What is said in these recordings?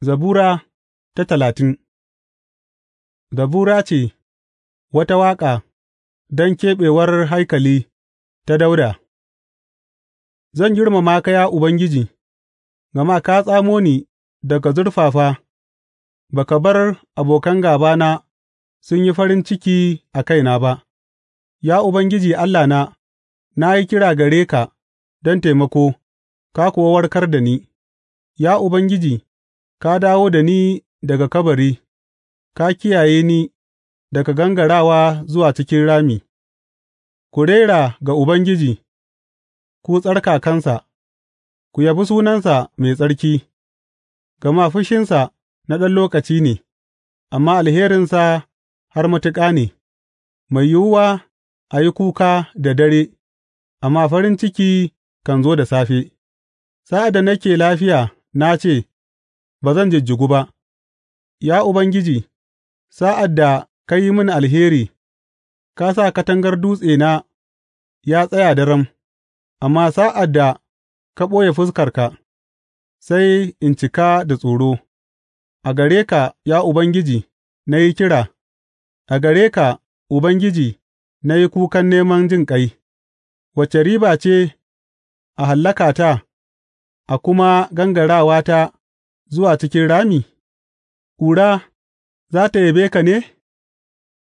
Zabura ta talatin Zabura ce wata waƙa don keɓewar haikali ta Dauda. Zan girmama ka, ya Ubangiji, gama ka tsamo ni daga zurfafa, ba ka bar abokan gābana sun yi farin ciki a kaina ba, Ya Ubangiji Allahna, na yi kira gare ka don taimako, ka kuwa warkar da ni, Ya Ubangiji. Ka dawo da ni daga kabari; ka kiyaye ni daga gangarawa zuwa cikin rami Ku rera ga Ubangiji, ku tsarkakansa, ku yabi sunansa mai tsarki, gama fushinsa na ɗan lokaci ne, amma alherinsa har matuƙa ne; mai yiwuwa a yi kuka da dare, amma farin ciki kan zo da safe; sa'ad da nake lafiya na ce. Ba zan jijjigu ba Ya Ubangiji, sa'ad da ka yi mini alheri, ka sa katangar dutsena ya tsaya daram; amma sa'ad da ka ɓoye fuskarka, sai in cika da tsoro A gare ka, ya Ubangiji, na yi kira; a gare ka, Ubangiji, na yi kukan neman jinƙai Wace riba ce a hallakata a kuma gangarawata. zuwa cikin rami? Ƙura za tă yabe ka ne?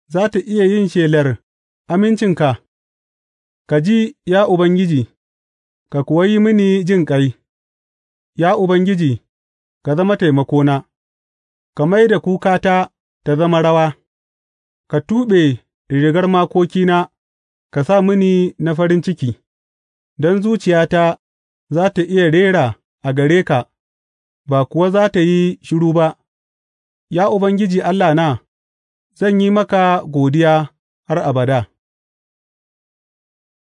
Za tă iya yin shelar amincinka? Ka ji, ya Ubangiji, ka kuwa yi mini jinƙai; Ya Ubangiji, ka zama taimakona, ka mai da kukata ta zama rawa, ka tuɓe rigar makokina, ka sa mini na farin ciki, don zuciyata za ta iya rera a gare ka. ba kuwa za tă yi shiru ba; Ya Ubangiji Allahna, zan yi maka godiya har abada.